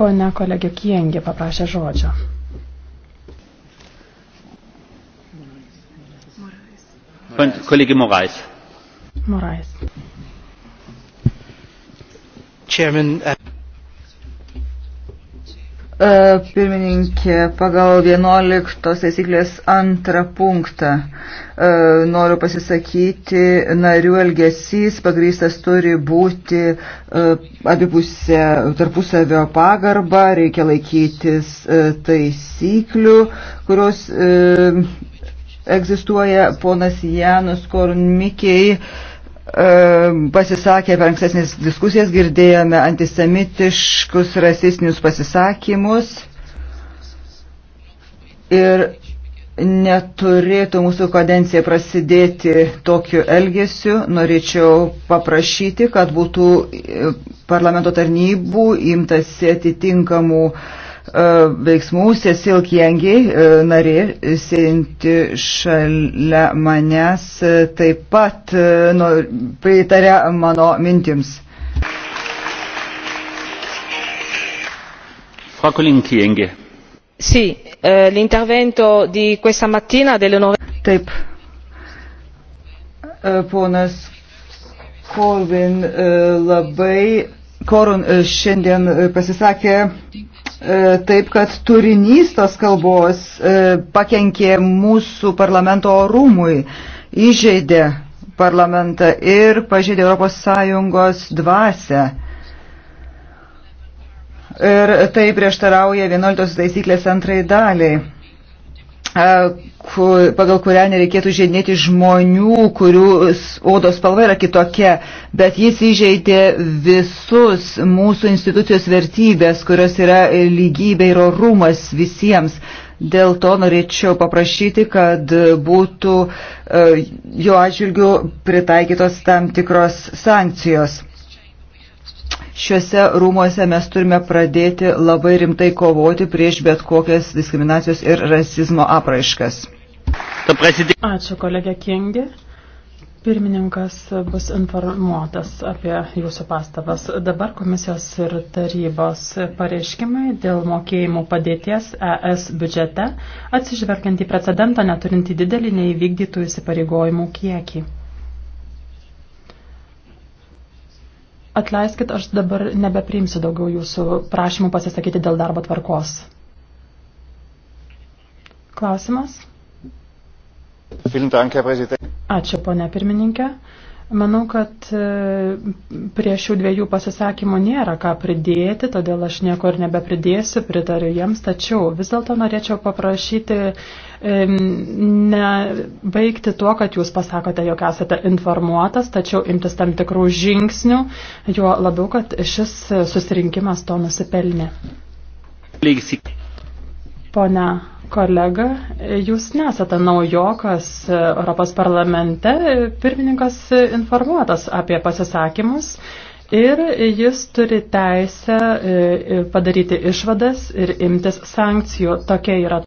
Pone kolegė Kiengė paprašė žodžio. Kolegė Morais. Morais. Chairman, uh... E, pirmininkė, pagal 11 taisyklės antrą punktą e, noriu pasisakyti, narių elgesys pagrystas turi būti e, abipusė tarpusavio pagarba, reikia laikytis taisyklių, kurios egzistuoja ponas Janus Kornmikiai E, pasisakė per ankstesnės diskusijas, girdėjome antisemitiškus, rasistinius pasisakymus ir neturėtų mūsų kadencija prasidėti tokiu elgesiu. Norėčiau paprašyti, kad būtų e, parlamento tarnybų imtasi atitinkamų uh, E, veiksmų Cecil Kiengi, e, narė, sėdinti šalia manęs, e, taip pat nu, pritarė mano mintims. Frau Kolin Kiengi. Sì, eh, l'intervento di questa mattina dell'onorevole. Taip. Ponas Korvin labai Korun šiandien pasisakė E, taip kad turinys tos kalbos e, pakenkė mūsų parlamento rūmui, įžeidė parlamentą ir pažeidė Europos Sąjungos dvasę. Ir tai prieštarauja 11 taisyklės antrai daliai pagal kurią nereikėtų žaidinėti žmonių, kurių odos spalva yra kitokia, bet jis įžeidė visus mūsų institucijos vertybės, kurios yra lygybė ir orumas visiems. Dėl to norėčiau paprašyti, kad būtų e, jo atžvilgių pritaikytos tam tikros sankcijos. Šiuose rūmuose mes turime pradėti labai rimtai kovoti prieš bet kokias diskriminacijos ir rasizmo apraiškas. Ačiū kolegė Kengė. Pirmininkas bus informuotas apie jūsų pastabas. Dabar komisijos ir tarybos pareiškimai dėl mokėjimų padėties ES biudžete, atsižvelgiant į precedentą neturintį didelį neįvykdytų įsipareigojimų kiekį. Atleiskit, aš dabar nebepriimsiu daugiau jūsų prašymų pasisakyti dėl darbo tvarkos. Klausimas? Ačiū, ponia pirmininkė. Manau, kad e, prie šių dviejų pasisakymų nėra ką pridėti, todėl aš nieko ir nebepridėsiu, pritariu jiems, tačiau vis dėlto norėčiau paprašyti e, nebaigti tuo, kad jūs pasakote, jog esate informuotas, tačiau imtis tam tikrų žingsnių, juo labiau, kad šis susirinkimas to nusipelnė. Pone Kolega, jūs nesate naujokas e, Europos parlamente, pirmininkas informuotas apie pasisakymus ir jis turi teisę e, padaryti išvadas ir imtis sankcijų. Tokia yra